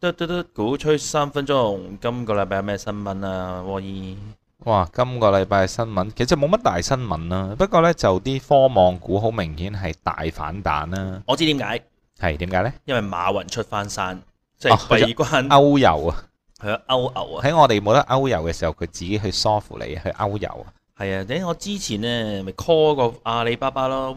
得得得，股吹三分鐘。今個禮拜有咩新聞啊？我以哇，今個禮拜嘅新聞其實冇乜大新聞啦、啊。不過呢，就啲科網股好明顯係大反彈啦、啊。我知點解？係點解呢？因為馬雲出翻山，即係閉關歐遊啊。係啊，歐遊啊。喺、啊啊、我哋冇得歐遊嘅時候，佢自己去梳乎你去歐遊啊。係啊，頂我之前呢咪 call 個阿里巴巴咯。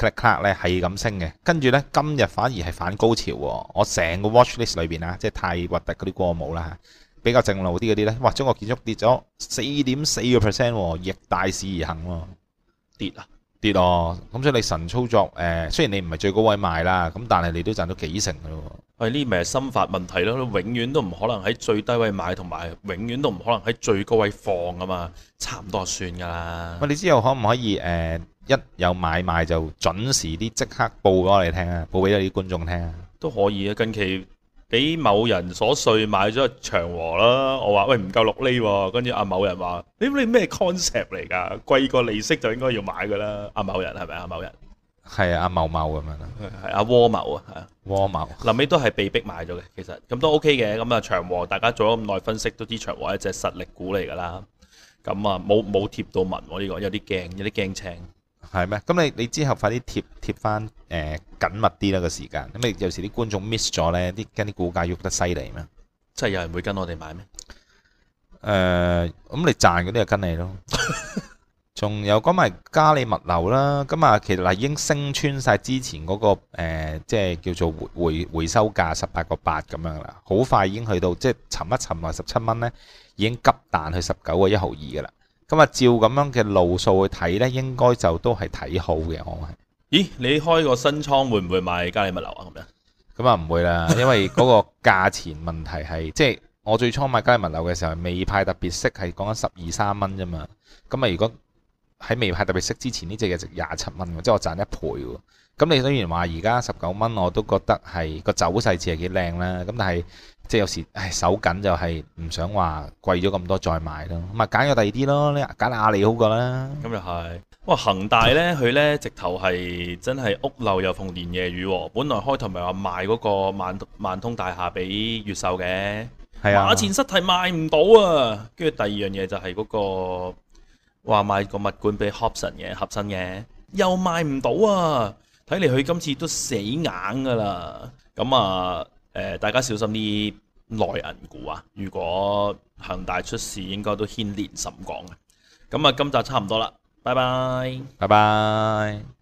click clack 咧係咁升嘅，跟住咧今日反而係反高潮喎。我成個 watchlist 裏邊啊，即係太核突嗰啲過冇啦，比較正路啲嗰啲咧，哇！中國建築跌咗四點四個 percent，逆大市而行，跌啊！跌，咁所以你神操作，誒，雖然你唔係最高位賣啦，咁但係你都賺到幾成嘅喎。喂，呢啲咪係心法問題咯，永遠都唔可能喺最低位買，同埋永遠都唔可能喺最高位放啊嘛，差唔多算㗎啦。喂，你之後可唔可以誒一有買賣就準時啲即刻報俾我哋聽啊，報俾啲觀眾聽啊？都可以啊，近期。俾某人所碎買咗長和啦，我話喂，唔夠六厘喎，哦，跟住阿某人話，你你咩 concept 嚟㗎？貴過利息就應該要買㗎啦。阿某人係咪啊？某人係啊？阿某某咁樣咯，係阿汪某啊，汪某。臨尾都係被逼買咗嘅，其實咁都 OK 嘅。咁啊長和大家做咗咁耐分析都知長和係一隻實力股嚟㗎啦。咁啊冇冇貼到文，呢個有啲驚有啲驚青。係咩？咁你你之後快啲貼貼翻、呃、緊密啲啦個時間，咁你有時啲觀眾 miss 咗呢啲跟啲股價喐得犀利咩？即係有人會跟我哋買咩？誒、呃，咁你賺嗰啲就跟你咯。仲 有講埋嘉里物流啦，咁啊其實已經升穿晒之前嗰、嗰個、呃、即係叫做回回收價十八個八咁樣啦，好快已經去到即係、就是、沉一沉落十七蚊呢，已經急彈去十九個一毫二噶啦。咁啊，照咁樣嘅路數去睇呢，應該就都係睇好嘅。我係，咦？你開個新倉會唔會買嘉里物流啊？咁樣，咁啊唔會啦，因為嗰個價錢問題係，即係我最初買嘉里物流嘅時候未派特別息，係講緊十二三蚊啫嘛。咁啊，如果喺未派特別息之前呢隻嘢值廿七蚊喎，即係我賺一倍喎。咁你雖然話而家十九蚊，我都覺得係個走勢似係幾靚啦。咁但係即係有時唉，手緊就係唔想話貴咗咁多再買咯。咁咪揀個第二啲咯，你揀阿里好過啦。咁又係哇，恒大呢，佢呢直頭係真係屋漏又逢連夜雨喎。本來開頭咪話賣嗰個萬通大廈俾越秀嘅，係啊，馬前失蹄賣唔到啊。跟住第二樣嘢就係嗰、那個話賣個物管俾合生嘅，合生嘅又賣唔到啊。睇嚟佢今次都死硬噶啦，咁啊、呃，大家小心啲內銀股啊！如果恒大出事，應該都牽連甚廣啊。咁啊，今集差唔多啦，拜拜，拜拜。